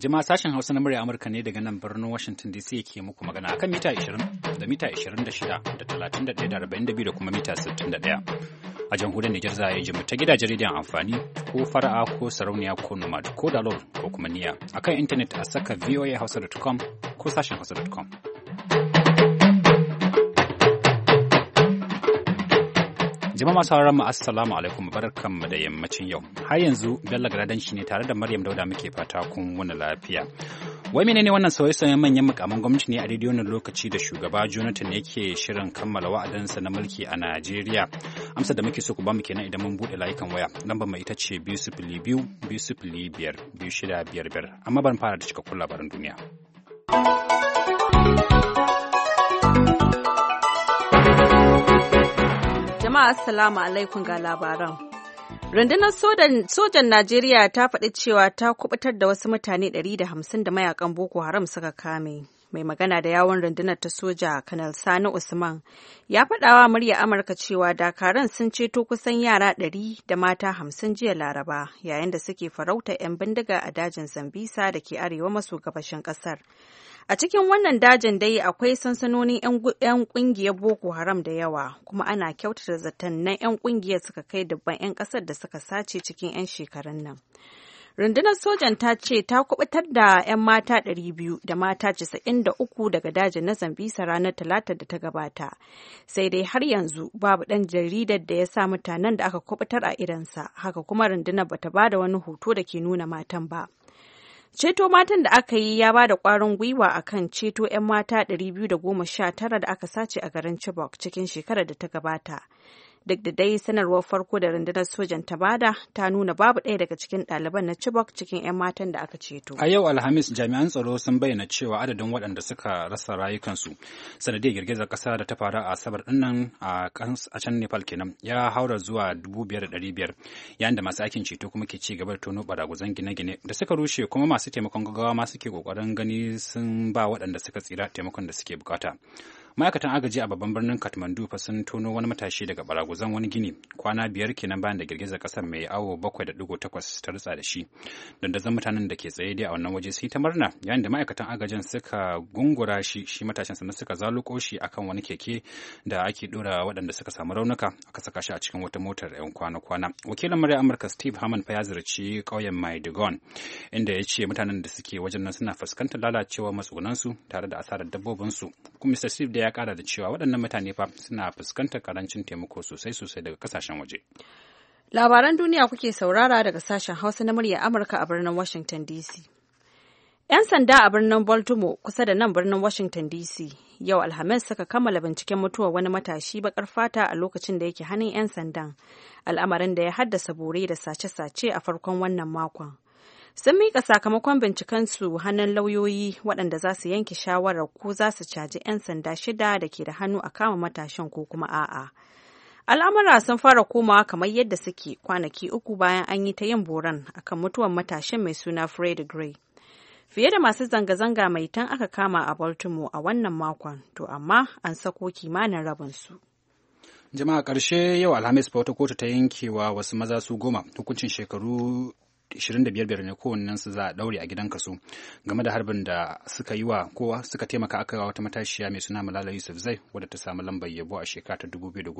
Jima sashen Hausa na murya Amurka ne daga nan birnin Washington DC yake muku magana akan mita 20 da mita 26 da 31 da 42 da kuma mita 61. A jamhuriyar Nijar za a yi jimu ta gida jaridan amfani ko fara'a ko sarauniya ko nomad ko dalol ko kuma niya. Akan intanet a saka voahausa.com ko sashen hausa.com. Jama'a sauran mu assalamu alaikum mu da yammacin yau. Har yanzu Bello shi ne tare da Maryam Dauda muke fata kun wani lafiya. Wai menene wannan sauye-sauyen manyan mukaman gwamnati ne a daidai lokaci da shugaba Jonathan ke shirin kammala wa'adansa na mulki a Najeriya. Amsa da muke so ku ba mu kenan idan mun bude layukan waya. Lambar mai ita ce biyu sifili biyu biyu sifili biyar biyu shida biyar biyar. Amma ban fara da cikakkun labaran duniya. jama'a assalamu alaikum ga labaran. Rundunar sojan Najeriya ta faɗi cewa ta kubutar da wasu mutane ɗari da hamsin da mayakan Boko Haram suka kame. Mai magana da yawon rundunar ta soja, Kanal Sani Usman, ya faɗawa murya Amurka cewa dakaran sun ceto kusan yara ɗari da mata hamsin jiya Laraba, yayin da suke farauta 'yan bindiga a dajin Zambisa da ke arewa maso gabashin ƙasar. A cikin wannan dajin dai akwai sansanonin 'yan kungiyar Boko Haram da yawa, kuma ana kyautata zaton nan 'yan kungiyar suka kai dubban 'yan ƙasar da suka sace cikin 'yan shekarun nan. Rundunar sojan ta ce ta kubutar da 'yan mata 200 da mata 93 daga dajin na Zambisa ranar Talata da ta gabata. Sai dai har yanzu babu ɗan jaridar da ya sa mutanen da aka kubutar a idansa, haka kuma rundunar bata ba da wani hoto da ke nuna matan ba. Ceto matan da aka yi ya ba da ƙwarin gwiwa a kan ceto 'yan mata 219 da aka sace a garin Chibok cikin shekarar da ta gabata. duk da dai sanarwar farko da rundunar sojan ta bada ta nuna babu ɗaya daga cikin ɗaliban na Chibok cikin 'yan matan da aka ceto. A yau Alhamis jami'an tsaro sun bayyana cewa adadin waɗanda suka rasa rayukansu sanadiyar girgizar ƙasa da ta faru a ɗin nan a can Nepal kenan ya haura zuwa biyar yayin da masu aikin ceto kuma ke ci gaba da tono baraguzan gine-gine da suka rushe kuma masu taimakon gaggawa ma suke ƙoƙarin gani sun ba waɗanda suka tsira taimakon da suke bukata. ma'aikatan agaji a babban birnin kathmandu fa sun tono wani matashi daga baraguzan wani gini kwana biyar kenan bayan da girgizar kasar mai awo bakwai da digo takwas ta rutsa da shi dandazon mutanen da ke tsaye dai a wannan waje sai ta murna yayin da ma'aikatan agajin suka gungura shi shi matashin sannan suka zaluko shi akan wani keke da ake dora waɗanda suka samu raunuka aka saka shi a cikin wata motar yan kwana-kwana wakilin murya amurka steve haman fa ya zarci ƙauyen maidugon inda ya ce mutanen da suke wajen nan suna fuskantar lalacewar matsugunansu tare da asarar dabbobinsu kuma mr steve da ya kara da cewa waɗannan mutane fa suna fuskantar karancin taimako sosai sosai daga kasashen waje labaran duniya kuke saurara daga sashen hausa na murya amurka a birnin washington dc 'Yan sanda a birnin Baltimore kusa da nan birnin Washington DC yau Alhamis suka kammala binciken mutuwar wani matashi bakar fata a lokacin da yake hannun 'yan sandan, al'amarin da ya haddasa bore da sace-sace a farkon wannan makon. sun miƙa sakamakon bincikensu hannun lauyoyi waɗanda za su yanke shawarar ko za su caji 'yan sanda shida da ke da hannu a kama matashin ko kuma a'a. Al'amura sun fara komawa kamar yadda suke kwanaki uku bayan an yi ta yin boran akan mutuwar matashin mai suna Fred Gray. Fiye da masu zanga-zanga mai tan aka kama a Baltimore a wannan makon, to amma an sako kimanin rabinsu. su. jama'a ƙarshe yau alhamis wata kotu ta wa wasu maza su goma hukuncin shekaru 25 ne kowannen su za a daure a gidan kasu game da harbin da suka yi wa kowa suka taimaka aka wa wata matashiya mai suna Malala Yusuf Zai wadda ta samu lambar yabo a shekara ta 2012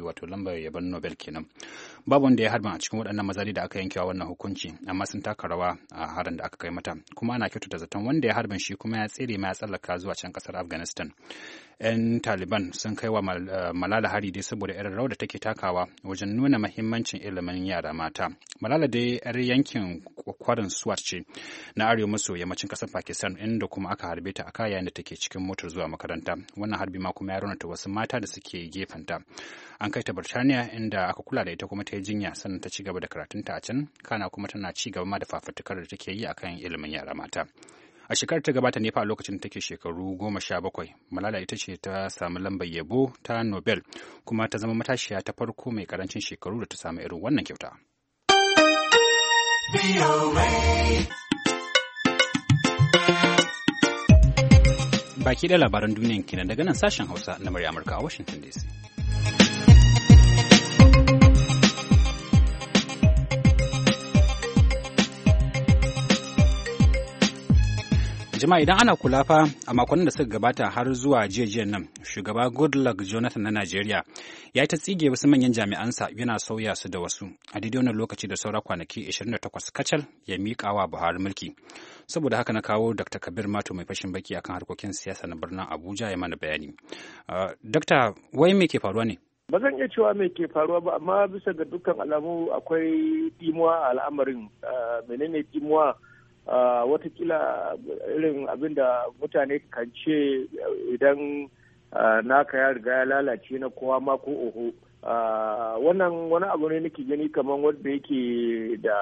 wato lambar yabon Nobel kenan babu wanda ya harbin a cikin waɗannan mazali da aka yankewa wannan hukunci amma sun taka rawa a harin da aka kai mata kuma ana kyautata zaton wanda ya harbin shi kuma ya tsere ma ya tsallaka zuwa can kasar Afghanistan 'yan taliban sun kai wa eh, malala hari dai saboda irin rawar da take takawa wajen nuna mahimmancin ilimin yara mata malala dai 'yar yankin kwarin swat ce na arewa maso yammacin kasar pakistan inda kuma aka harbe ta a kayan da take cikin motar zuwa makaranta wannan harbi ma kuma ya raunata wasu mata da suke gefenta an kai ta birtaniya inda aka kula da ita kuma ta yi jinya sannan ta ci gaba da karatunta a can kana kuma tana ci gaba ma da fafutukar da take yi akan ilimin yara mata A shekarar ta gabata nefa a lokacin take shekaru goma sha bakwai, Malala ita ce ta samu lambar yabo ta Nobel kuma ta zama matashiya ta farko mai karancin shekaru da ta samu irin wannan kyauta. Baki da labaran duniyan kenan daga nan sashen Hausa na murya Amurka a Washington DC. Jama'a idan ana kula fa a makonnin da suka gabata har zuwa jiya nan shugaba Goodluck Jonathan na nigeria ya yi ta tsige wasu manyan sa yana sauya su da wasu a daidai wannan lokaci da saura kwanaki 28 kacal ya miƙa wa Buhari mulki. Saboda haka na kawo Dr. Kabir Mato mai fashin baki akan harkokin siyasa na birnin Abuja ya mana bayani. Uh, Dr. wai me ke faruwa ne? ba zan iya cewa mai ke faruwa ba amma bisa ga dukkan alamu akwai dimuwa a al'amarin uh, menene dimuwa Ah, watakila irin abin da mutane kan ce idan ah, naka ya riga ya lalace na kowa ma ko oho ah, wannan wani abu ne nake gani kamar wanda yake da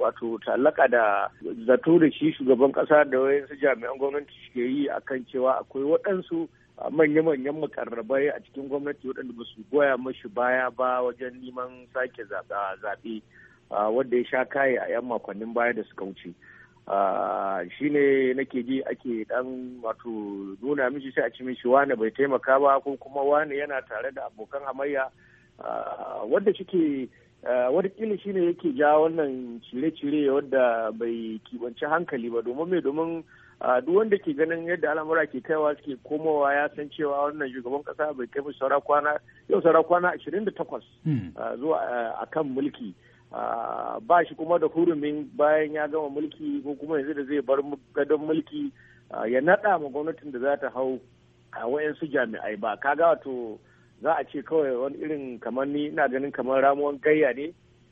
wato ta'allaka da zato da shi shugaban kasa da wayansu jami'an gwamnati suke yi akan cewa akwai waɗansu manya-manyan makarrabai a cikin gwamnati waɗanda ba su goya mashi baya ba wajen neman sake zaɓe wanda ya sha kaye a 'yan makonnin baya da suka wuce. Ah, shi ne nake ji ake dan wato nuna mishi sai a ci mishi wane bai taimaka ba ko kuma wane yana tare da abokan hamayya ah, wadda shike ah, wadda shi ne yake ja wannan cire-cire wadda bai kibanci hankali ba domin mai domin duk wanda ke ganin yadda al'amura ke kaiwa suke komowa ya san cewa wannan shugaban kasa bai kai mishi saura kwana yau saura kwana 28 hmm. zuwa akan mulki ba shi kuma da hurumin bayan ya gama mulki ko kuma yanzu da zai bar gadon mulki ya naɗa ma gwamnatin da za ta hau a wayansu jami'ai ba kaga wato za a ce kawai wani irin kamar ni ina ganin kamar ramuwan gayya ne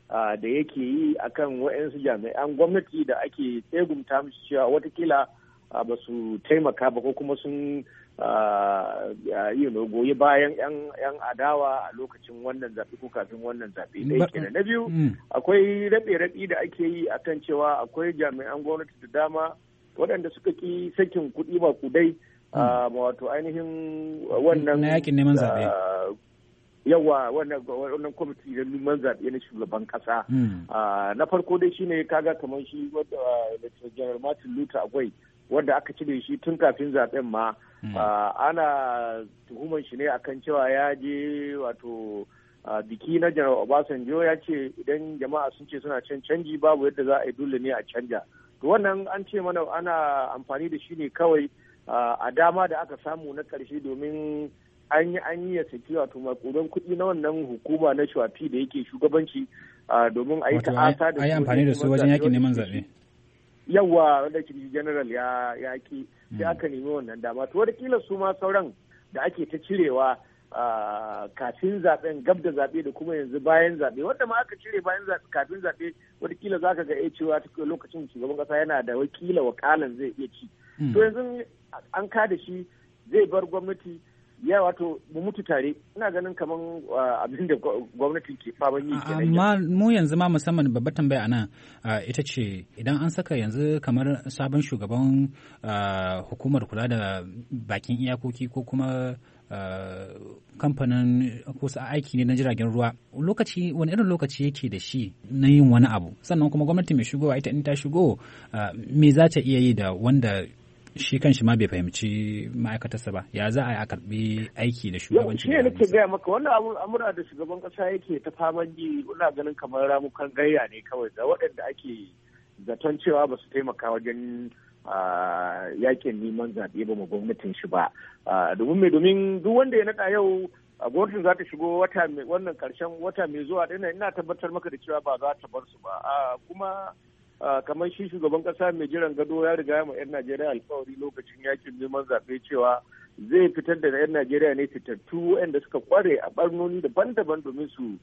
da yake yi akan wayansu jami'an gwamnati da ake tsegumta mishi cewa watakila ba su taimaka ba ko kuma sun you goyi bayan yan adawa a lokacin wannan zaɓe ko kafin wannan zaɓe ɗaya kenan na biyu mm. akwai raɗe-raɗi da ake yi a kan cewa akwai jami'an gwamnati da dama waɗanda suka ƙi sakin kuɗi ba kudai mm. wato ainihin wannan na yakin neman zaɓe yawa wannan kwamiti na neman zaɓe na shugaban ƙasa mm. na farko dai shine kaga kamar shi wadda uh, general martin luther akwai wadda aka cire shi tun kafin zaɓen ma Hmm. Ah, ana tuhumar shi ne akan cewa ya je wato ah, biki na janar obasanjo ya ce idan jama'a sun ce suna can canji babu yadda za a yi dole ne a canja to wannan an ce mana ana amfani da shi ne kawai ah, a dama da aka samu na karshe domin an yi an yi ya saki wato makudan kuɗi na wannan hukuma na shuwafi da yake shugabanci domin a yi ta'asa da su wajen yakin neman zaɓe yawwa da general ya yaki sai hmm. aka nemi wannan dama to wataƙila su ma sauran da ake ta cirewa kafin zaben gab da zaɓe da kuma yanzu bayan zabe wanda ma aka cire bayan zaɓe kafin zaɓe watakila za ka ga ya eh, cewa lokacin shugaban kasa yana da wakila wakalan zai iya ci hmm. to yanzu an kada shi zai bar gwamnati ya wato mu mutu tare ina ganin kamar uh, abin da gwamnatin ke faman yi amma mu yanzu ma musamman babbar tambaya anan uh, ita ce idan an saka yanzu kamar sabon shugaban uh, hukumar kula da bakin iyakoki ko kuma kamfanin ko aiki ne na jiragen ruwa lokaci wani irin lokaci yake da shi na yin wani abu sannan kuma gwamnati mai shigowa ita in ta shigo me za ta iya yi da wanda shi kan shi ma bai fahimci ma'aikatarsa ba ya za a yi a karbi aiki da shugabanci ne nake gaya maka wannan amura da shugaban kasa yake ta faman yi ina ganin kamar ramukan gayya ne kawai da waɗanda ake zaton cewa ba su taimaka wajen yakin neman zaɓe ba mu gwamnatin shi ba domin mai domin duk wanda ya naɗa yau gwamnatin za ta shigo wata wannan karshen wata mai zuwa ina tabbatar maka da cewa ba za ta bar su ba kuma kamar shi shugaban kasa mai jiran gado ya riga ma 'yan najeriya alfawari lokacin yakin neman zaɓe cewa zai fitar da 'yan najeriya ne fitattu waɗanda suka kware a barnoni daban-daban domin su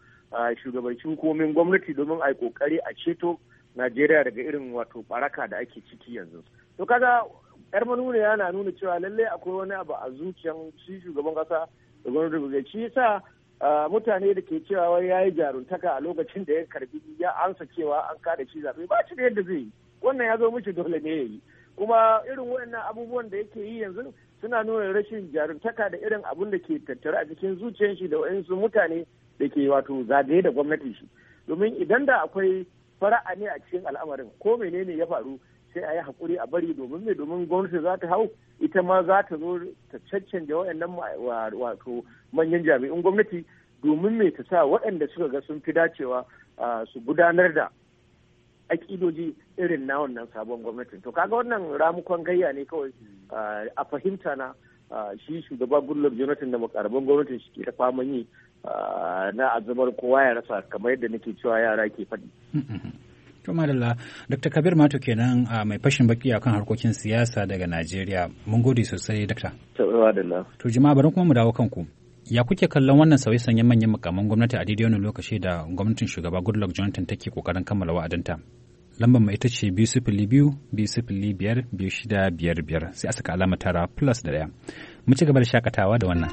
shugabanci hukumomin gwamnati domin a yi kokari a ceto najeriya daga irin wato baraka da ake ciki yanzu to kaga yar manuniya yana nuna cewa lallai akwai wani abu a zuciyan shi shugaban kasa da gwamnati shi yasa mutane da ke cewa wai ya yi jaruntaka a lokacin da ya karbi ya ansa cewa an kada shi zaɓe ba shi da yadda zai yi wannan ya zo mishi dole ne ya yi kuma irin waɗannan abubuwan da yake yi yanzu suna nuna rashin jaruntaka da irin abun da ke tattare a cikin zuciyar shi da wa'insu mutane da ke wato zagaye da gwamnatin shi domin idan da akwai fara'a ne a cikin al'amarin ko menene ya faru sai a yi hakuri a bari domin me domin gwamnati za ta hau ita ma za ta zo ta cancanta waɗannan wato manyan jami'in gwamnati domin me ta sa waɗanda suka ga sun fi dacewa su gudanar da aƙidoji irin na wannan sabon gwamnati to kaga wannan ramukan gayya ne kawai a fahimta na shi shugaba gullar jonathan da makarabin gwamnatin shi ke ta faman yi na azumar kowa ya rasa kamar yadda nake cewa yara ke faɗi To madalla Dr. Kabir Mato kenan a mai fashin baki akan harkokin siyasa daga Najeriya. Mun gode sosai Dr. To jama'a bari kuma mu dawo kanku. Ya kuke kallon wannan sauye-sanyen manyan mukamman gwamnati a daidai wannan lokaci da gwamnatin shugaba Goodluck Jonathan take kokarin kammala wa'adinta. Lambar mai ita ce biyu sifili biyu biyu sifili biyar biyu shida biyar biyar sai a saka alama tara plus da ɗaya. Mu ci gaba da shakatawa da wannan.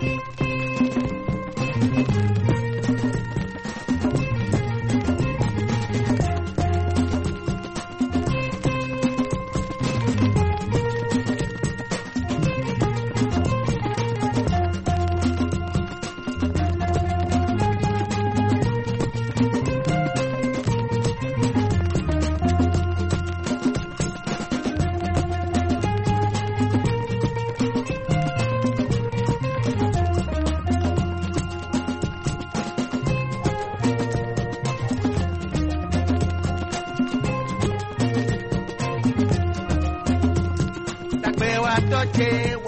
que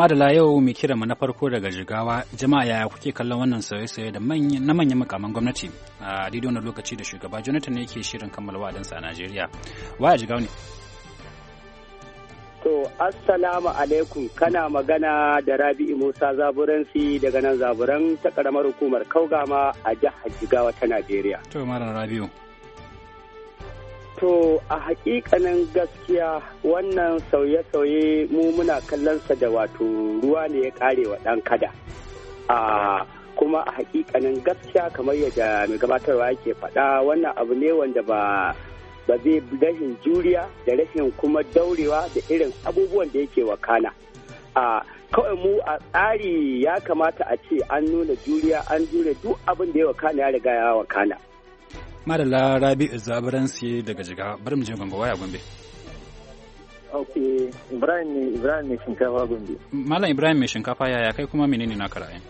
Madala yau mai kira mu na farko daga Jigawa, jama'a yaya kuke kallon wannan sauye-sauye da na manyan makaman gwamnati a daidai wannan lokaci da shugaba Jonathan ne yake shirin kammala wa'adansa a Najeriya. waya Jigawa ne? To, Assalamu alaikum kana magana da Rabi'u Musa Zaburansi daga nan Zaburan ta karamar hukumar Kaugama a jihar Jigawa ta Najeriya. To, Malam Rabi'u. To a hakikanin gaskiya wannan sauye-sauye mu muna kallonsa da wato ruwa ne ya kare wa ɗan kada. A kuma a hakikanin gaskiya kamar yadda mai gabatarwa yake faɗa wannan abu ne wanda ba ba zai rashin juriya da rashin kuma daurewa da irin abubuwan da yake wakana. A kawai mu a tsari ya kamata a ce an nuna juriya an jure duk abin da ya wakana ya riga ya wakana. madalla rabi'u zaburansi daga jiga bari mu je gombe waya gombe ok ibrahim ne ibrahim ne shinkafa gombe malam ibrahim mai shinkafa yaya kai kuma menene naka ra'ayin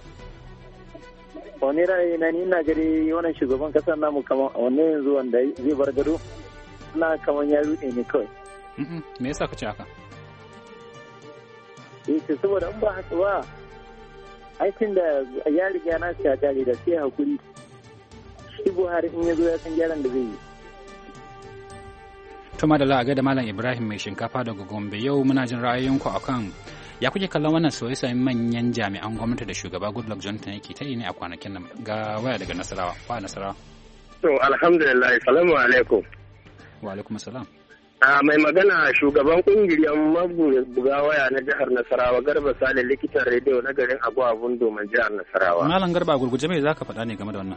wani ra'ayi na ni na gari wannan shugaban kasar namu kamar wani yanzu wanda zai bar gado na kamar ya rute ne kawai me yasa ka ce haka ita eh, saboda in ba haka ba aikin da ya riga na shi a da sai hakuri shi buhari in ya zo ya san gyaran da zai yi tuma da la'aga da malam ibrahim mai shinkafa daga gombe yau muna jin ra'ayoyinku akan ya kuke kallon wannan soyayyen manyan jami'an gwamnati da shugaba goodluck jonathan yake ta yi ne a kwanakin nan ga waya daga nasarawa kwa nasarawa to alhamdulillah salamu alaikum wa alaikum salam a mai magana shugaban kungiyar mabuga waya na jihar nasarawa garba sale likitan rediyo na garin abun domin jihar nasarawa malam garba gurguje mai zaka faɗa ne game da wannan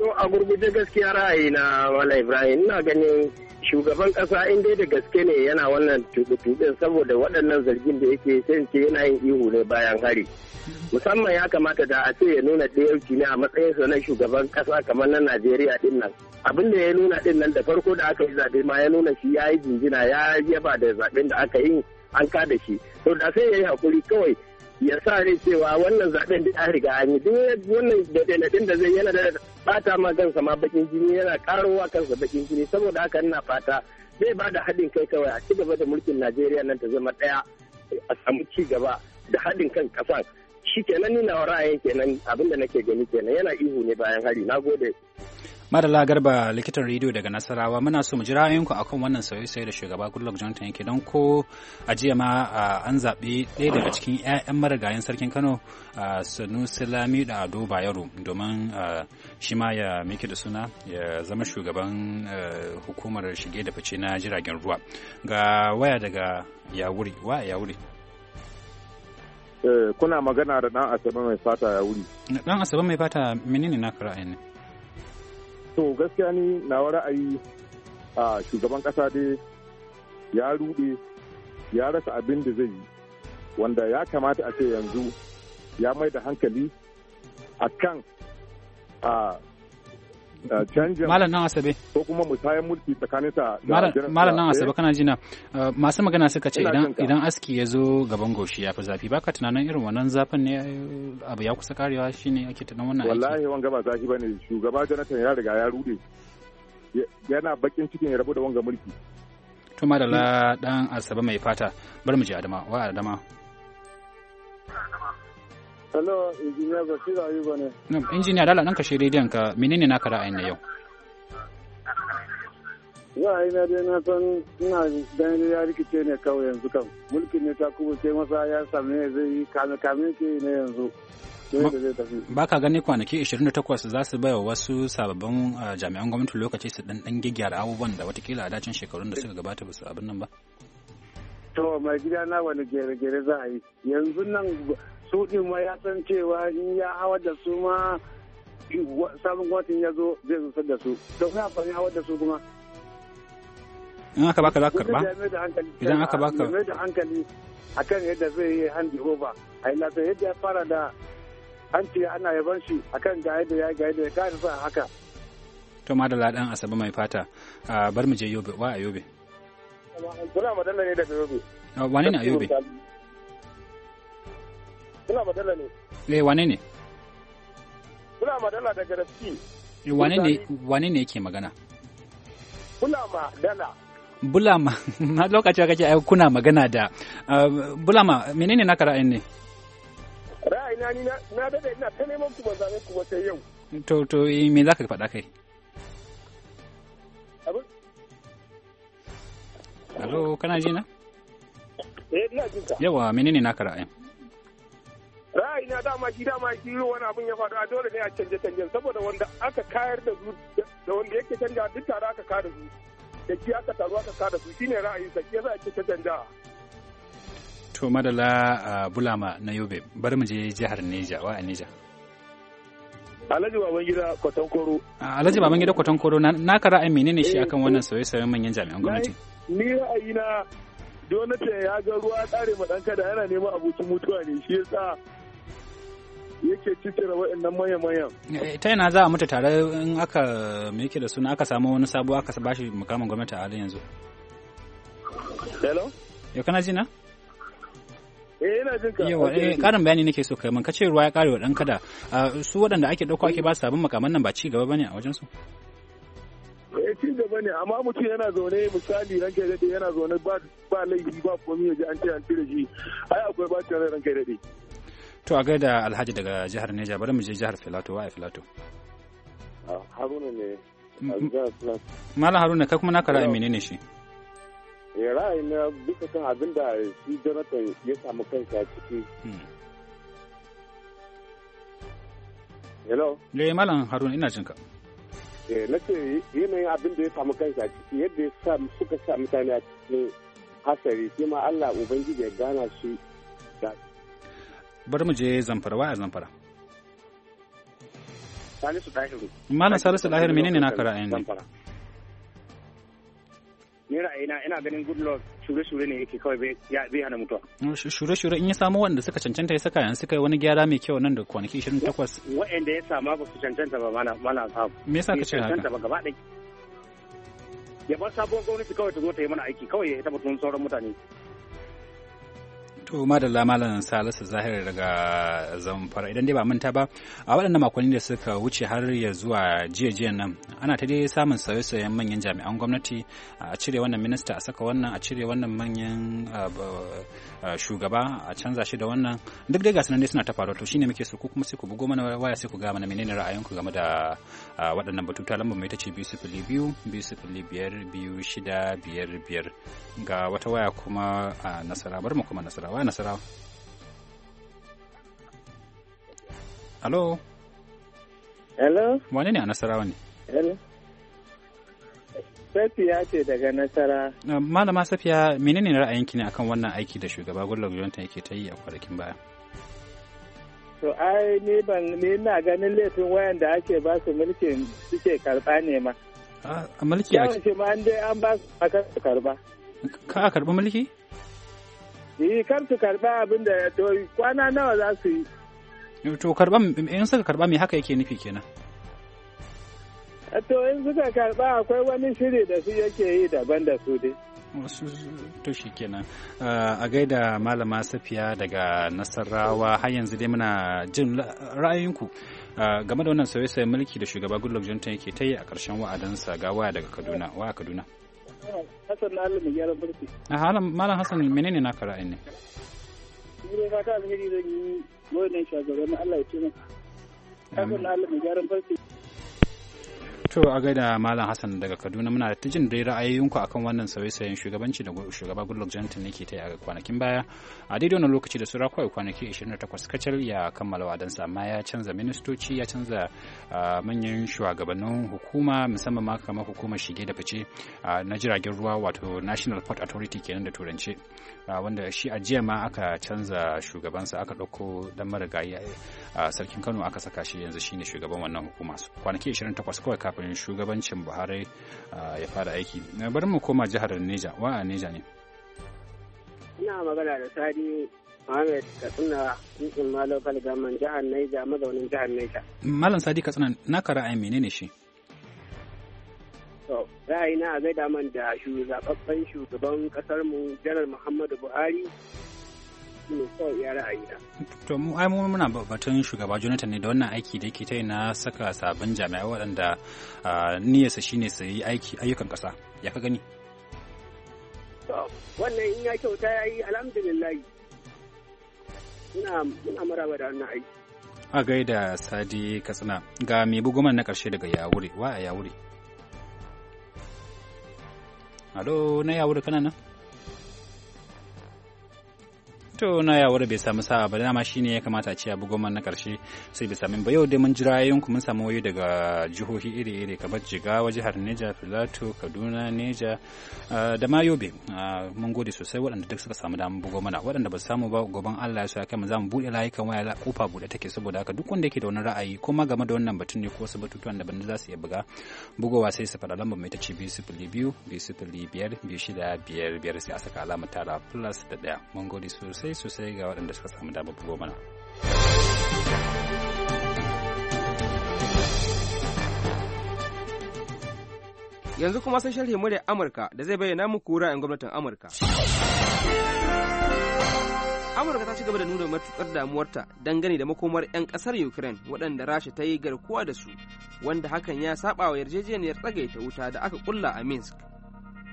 so a gurguje gaskiya ra'ayi na Mala Ibrahim na ganin shugaban kasa in dai da gaske ne yana wannan tuɓe-tuɓen saboda waɗannan zargin da yake sai ce yana yin ihu ne bayan hari. Musamman ya kamata da a ce ya nuna ɗaya ne a matsayin sa na shugaban kasa kamar na Najeriya ɗin nan. Abin da ya nuna ɗin nan da farko da aka yi zaɓe ma ya nuna shi ya yi jinjina ya yaba da zaɓen da aka yi an da shi. To da sai ya yi haƙuri kawai ya sa ne cewa wannan zaɓen da ya riga an yi duk wannan da da zai yana da bata ma kansa ma bakin jini yana karowa kansa bakin jini saboda haka ina fata zai ba da haɗin kai kawai a ci gaba da mulkin najeriya nan ta zama ɗaya a samu ci gaba da haɗin kan ƙasan shi kenan nuna wa ra'ayin kenan abinda nake gani kenan yana ihu ne bayan hari na gode Madala Garba likitan rediyo daga Nasarawa muna so mu jira ra'ayinku akan wannan sauye-sauye da shugaba Goodluck Jonathan yake don ko a jiya ma an zaɓi ɗaya daga cikin 'ya'yan marigayen sarkin Kano Sanusi da Ado Bayero domin shi ma ya miki da suna ya zama shugaban hukumar shige da fice na jiragen ruwa ga waya daga Yawuri wa Yawuri eh, kuna magana da dan asabe mai fata ya wuri dan asabe mai fata menene naka ra'ayin ne to gaskiya ni nawa ra'ayi a shugaban kasa dai ya rude ya rasa abin da zai yi wanda ya kamata a ce yanzu ya mai da hankali a kan a canjin malam nan asabe ko kuma musayan mulki tsakanin sa malam nan asabe kana jina eh, masu magana suka ce idan idan aski ya zo gaban goshi ya fi zafi baka tunanin irin wannan zafin ne eh, abu ya kusa karewa shine ake tunanin wannan aiki wallahi wanga ba zafi bane shugaba Jonathan ya riga ya rude yana bakin cikin ya rabu da wanga mulki to madalla dan asabe mai fata bar mu ji adama wa adama Hello, injiniya Bashir Ayuba ne. injiniya dala ɗan kashe rediyon ka menene naka ra'ayin na yau? Ra'ayi na dai na san ina dan ya rikice ne kawai yanzu kan Mulkin ne ta kuma ce masa ya sami ne zai yi kame kame ke ne yanzu. Ba ka gani kwanaki 28 za su baya wasu sababbin ah, jami'an gwamnati lokaci su ɗan ɗan gyara abubuwan da watakila a dacin shekarun da suka gabata ba su abin nan ba? To, mai gida na wani gere-gere za a yi. Yanzu nan su ɗin ma ya san cewa in ya hawa da su ma sabon gwamnatin ya zo zai zusar da su da kuma ya hawa da su kuma in aka baka za ka karba idan aka baka mai da hankali akan yadda zai yi handi over a yi lafiya yadda ya fara da hanci ana yaban shi akan ga yadda ya ga yadda ya kare sa haka to madalla dan asabe mai fata bar mu je yobe wa a yobe kuna magana ne daga yobe ne a yobe Kuna madalla ne. Eh wane ne? Suna madalla daga Rafi. Eh wane ne wane ne yake magana? Kuna madalla. Bulama, na lokacin kake ai kuna magana da eh, Bulama, menene naka ra'ayin ne? Ra'ayina ni na dade ina ta neman ku ban ku ba sai yau. To to eh, me zaka faɗa kai? Alo, kana ji na? Eh, ina ji ka. Yawa, menene naka ra'ayin? na dama shi dama shi wani abin ya faru a dole ne a canje canjen saboda wanda aka kayar da su da wanda yake canja duk tare aka kayar da su da shi aka taru aka kayar da su shine ra'ayin sa shi yasa ake ta canja to madala bulama na yobe bari mu je jihar Neja wa a Neja Alhaji Babangida Kwatankoro. Alhaji gida Kwatankoro na ka ra'ayin menene shi eh. akan wannan sauye-sauyen manyan jami'an gwamnati? Ni ra'ayina Jonathan ya ga ruwa tsare ma ɗanka da yana neman abokin mutuwa ne shi yasa yake cicira waɗannan manya-manyan. Eh, ta yana za a mutu tare in aka me yake da suna aka samu wani sabo aka ba shi mukamin gwamnati a halin yanzu. hello yau kana ji na? eh ina jin ka yawa eh karin bayani nake so kai mun kace ruwa ya wa dan kada su waɗanda ake dauko ake ba sabon makaman nan ba ci gaba bane a wajen su eh ci gaba ne amma mutum yana zaune misali ranka dade yana zaune ba ba laifi ba komai ya ji an ce an tire shi ai akwai ba tare ranka dade to a gaida alhaji daga jihar neja bari mu je jihar filato wa filato ah, haruna ne malam haruna kai kuma naka ra'ayi menene shi ya eh, ra'ayi na bisa kan abin da shi jonathan ya samu kansa ciki hmm. hello ne eh, malam haruna ina jinka eh, na ce yanayin abin da ya samu kansa ciki yadda ya suka sa mutane a cikin hasari shi ma allah ubangiji ya gana shi da bar mu je zamfara wa a zamfara Salisu Dahiru. Malam Salisu Dahiru menene naka ra'ayin ne? Ni ra'ayina ina ganin good luck shure-shure ne yake kawai bai hana mutuwa. Mm, shure-shure in ya samu wanda suka cancanta ya saka yanzu suka yi wani gyara mai kyau nan da kwanaki 28. Wa'anda ya sama ba su cancanta ba mana mana samu. Me yasa ka ce haka? Cancanta ba gaba ɗaya. Ya bar sabuwar gwamnati kawai ta zo ta yi mana aiki kawai ya taɓa tun sauran mutane. To madalla malam Salisu Zahir daga Zamfara idan dai ba manta ba a waɗannan makonni da suka wuce har ya zuwa jiya nan ana ta dai samun sauye-sauyen manyan jami'an gwamnati a cire wannan minista a saka wannan a cire wannan manyan shugaba a canza shi da wannan duk dai gasu nan dai suna ta faruwa to shine muke so ko kuma sai ku bugo mana waya sai ku ga mana menene ra'ayinku game da waɗannan batuta lambar mai ta ce biyu sifili biyu biyu sifili biyar biyu shida biyar biyar ga wata waya kuma nasara bar mu kuma nasara. a nasarawa Hello? Hello? Wane ne a Nasarawa ne? Hello? Safiya ce daga Nasara. Malama Safiya, menene ra'ayinki ne akan wannan aiki da shugaba Goodluck Jonathan yake ta yi a kwanakin baya? To ai ni ban ni na ganin laifin wayan da ake ba su mulkin suke karba ne ma. A mulki ake. Yawan shi ma an dai an ba su aka karba. Ka a karba mulki? yi eh, kar su karɓa abin da to kwana nawa za su yi eh, to karɓa in suka karɓa me haka yake nufi kenan eh, to in suka karɓa akwai wani shiri da su yake yi daban da su dai wasu to shi kenan a gaida malama safiya daga nasarawa har yanzu dai muna jin ra'ayinku game da wannan sauye-sauyen mulki da shugaba goodluck jonathan yake ta yi a ƙarshen wa'adansa ga waya daga kaduna waya kaduna Hassan na Allah mai gyaran A Malam Hassan menene naka ra'ayin ne? Ni fata alheri zan yi wannan shugaban Allah ya ce min. Hassan na Allah mai gyaran To a gaida Malam Hassan daga Kaduna muna da jin dai ra'ayoyinku akan wannan sauye-sauyen shugabanci da shugaba Goodluck Jonathan yake ta a kwanakin baya. A daidai wannan lokaci da sura kawai kwanaki 28 kacal ya kammala wadansa amma ya canza ministoci ya canza manyan shugabannin hukuma musamman ma kamar hukumar shige da fice na jiragen ruwa wato National Port Authority kenan da turanci wanda shi a jiya ma aka canza shugabansa aka ɗauko dan marigayi sarkin Kano aka saka shi yanzu shine shugaban wannan hukuma kwanaki 28 kawai kafin kafin shugabancin buhari ah, ya fara aiki bari mu koma jihar neja wa a neja ne ina magana da sadi Mohammed Katsina Dutsen ma local government jihar neja. mazaunin jihar neja Malam Sadi Katsina na kara ra'ayin menene shi? To, ra'ayi na a gaida man da shugaban shugaban kasar mu Janar Muhammadu Buhari shi ne kawai iya ra'ayina. To mu ai muna batun shugaba Jonathan ne da wannan aiki da yake ta yi na saka sabon jami'ai waɗanda niyyarsa shine su yi aiki ayyukan ƙasa. Ya ka gani? Wannan in ya kyauta ya yi alhamdulillah. ina maraba da wannan aiki. A gaida Sadi Katsina ga mai buguman na ƙarshe daga Yawuri, wa a Yawuri. Alo, na Yawuri kana nan? to na ya yawar bai samu sa'a ba dama shine ya kamata a ce abu goma na karshe sai bai samu ba yau dai mun jira yayin mun samu wayo daga jihohi iri-iri kamar jigawa jihar neja filato kaduna neja ah, da ma yobe ah, mun gode sosai waɗanda duk suka samu damar bugo mana waɗanda ba su samu ba gaban allah ya sa kai mu za mu buɗe layukan waya la kofa buɗe take saboda haka duk wanda yake da wani ra'ayi kuma game da wannan batun ne ko wasu batutuwan da banda za su iya buga bugowa sai su faɗa lambar mai ta ce biyu sifili biyu biyu sifili biyar biyu shida biyar biyar sai a saka alamar tara plus da ɗaya mun gode sosai sosai sosai ga waɗanda suka samu damar bugo mana. Yanzu kuma sai sharhi muryar Amurka da zai bayyana muku ra'ayin gwamnatin Amurka. Amurka ta ci gaba da nuna matukar damuwarta dangane da makomar 'yan ƙasar Ukraine waɗanda Rasha ta yi garkuwa da su, wanda hakan ya saɓa wa yarjejeniyar tsagaita wuta da aka ƙulla a Minsk.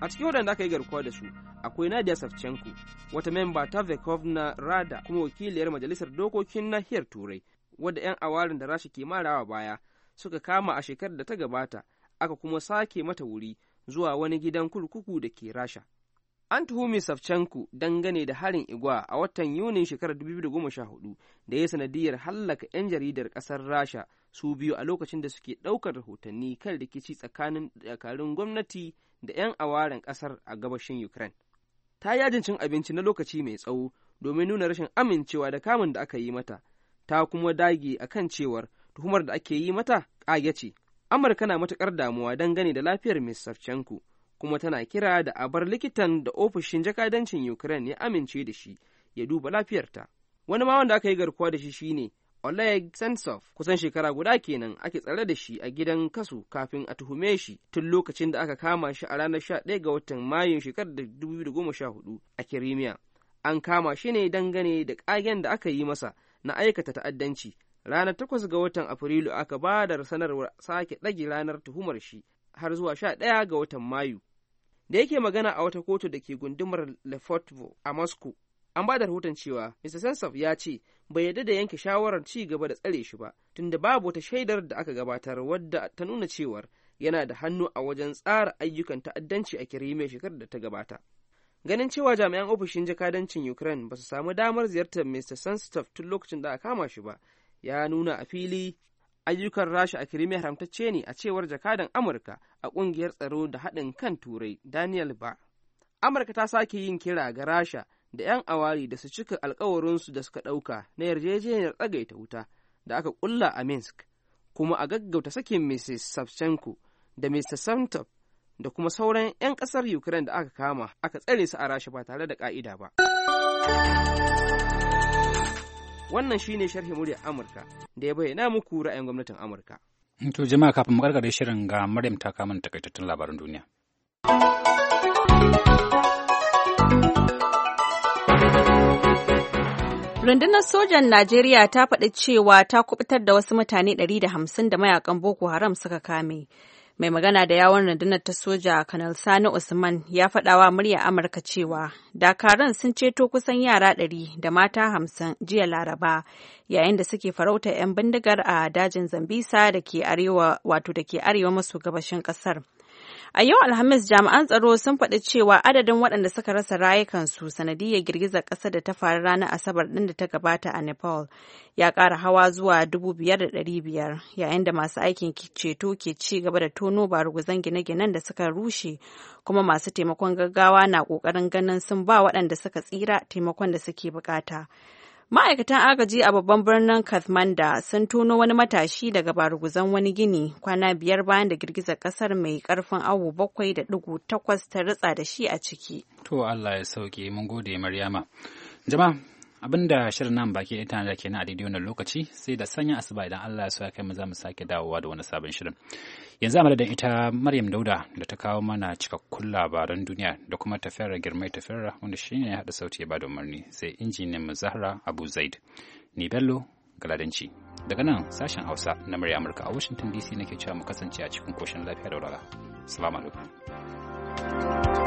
a cikin wadanda aka yi garkuwa da su akwai nadia savchenko wata memba ta vekovna rada kuma wakiliyar majalisar dokokin nahiyar turai wadda 'yan awarin da rasha ke marawa baya suka kama a shekarar da ta gabata aka kuma sake mata wuri zuwa wani gidan kurkuku da ke rasha an tuhumi Savchenko dangane da harin igwa a watan Yunin shekarar 2014 da ya sanadiyar hallaka 'yan jaridar kasar Rasha su biyu a lokacin da suke ɗaukar rahotanni kan rikici tsakanin dakarun gwamnati da 'yan awaren ƙasar a gabashin Ukraine. Ta yi yajin cin abinci na lokaci mai tsawo domin nuna rashin amincewa da kamun da aka yi mata, ta kuma dage a kan cewar tuhumar da ake yi mata ƙage ce. Amurka na matuƙar damuwa dangane da lafiyar Ms. Savchenko, kuma tana kira da a bar likitan da ofishin jakadancin Ukraine ya amince da shi ya duba lafiyarta. Wani ma wanda aka yi garkuwa da shi shine Oleg Sentsov kusan shekara guda kenan ake tsare da shi a gidan kasu kafin a tuhume shi tun lokacin da aka kama shi a ranar 11 ga watan Mayu shekarar 2014 a Kirimiya. An kama shi ne dangane da ƙagen da aka yi masa na aikata ta'addanci. Ranar 8 ga watan Afrilu aka ba da sanarwar sake ɗage ranar tuhumar shi har zuwa 11 ga watan Mayu. Da yake magana a wata kotu da ke gundumar Lefortvo a Moscow, an ba da rahoton cewa Mr. Sentsov ya ce bai yarda da yanke shawarar ci gaba da tsare shi ba tunda babu wata shaidar da aka gabatar wadda ta nuna cewar yana da hannu a wajen tsara ayyukan ta'addanci a kirime shekarar da ta gabata ganin cewa jami'an ofishin jakadancin ukraine ba su samu damar ziyartar mr sanstov tun lokacin da aka kama shi ba ya nuna a fili ayyukan rasha a kirime haramtacce ne a cewar jakadan amurka a kungiyar tsaro da haɗin kan turai daniel ba amurka ta sake yin kira ga rasha da 'yan awari da su cika alkawarinsu da suka ɗauka na yarjejeniyar tsagaita wuta da aka ƙulla a Minsk, kuma a gaggauta sakin Mrs. Savchenko da Mr. Samtov da kuma sauran 'yan ƙasar Ukraine da aka kama aka tsare su a Rasha ba tare da ƙa'ida ba. Wannan shi shine sharhi muryar Amurka da ya bayyana muku ra'ayin gwamnatin Amurka. To jama'a kafin mu karkare shirin ga Maryam ta kama takaitattun labaran duniya. Rundunar sojan Najeriya ta faɗi cewa ta kubutar da wasu mutane 150 da mayakan Boko Haram suka kame. Mai magana da yawon rundunar ta soja Kanal Sani Usman ya faɗawa murya Amurka cewa dakaran sun ceto kusan yara 100 da mata 50 jiya Laraba yayin da suke farauta 'yan bindigar a dajin Zambisa da ke arewa wato maso gabashin ƙasar. A yau Alhamis jami'an tsaro sun faɗi cewa adadin waɗanda suka rasa rayukansu sanadiyar girgizar ƙasa da ta faru ranar Asabar ɗin da ta gabata a Nepal ya ƙara hawa zuwa 5,500 yayin da masu aikin ceto ke ci gaba da tono ruguzan gine-ginen da suka rushe kuma masu taimakon gaggawa na ƙoƙarin ganin sun ba waɗanda suka tsira taimakon da suke bukata. Ma'aikatan agaji a babban birnin Kathmanda sun tono wani matashi daga baruguzan wani gini kwana biyar bayan da girgizar ƙasar mai ƙarfin awo bakwai da dugu takwas ta ritsa da shi a ciki. To Allah ya sauke mun gode Maryama. Jama'a abin da shirin nan baki ita da ke na adidiyo na lokaci sai da sanya asuba idan Allah ya so ya kai mu za mu sake dawowa da wani sabon shirin yanzu a madadin ita Maryam Dauda da ta kawo mana cikakkun labaran duniya da kuma tafiyar girmai tafiyar wanda shine ya hada sauti ya ba da umarni sai injiniyan mu Zahra Abu Zaid ni Bello Galadanci daga nan sashen Hausa na murya Amurka a Washington DC nake cewa mu kasance a cikin koshin lafiya da walwala salamu alaikum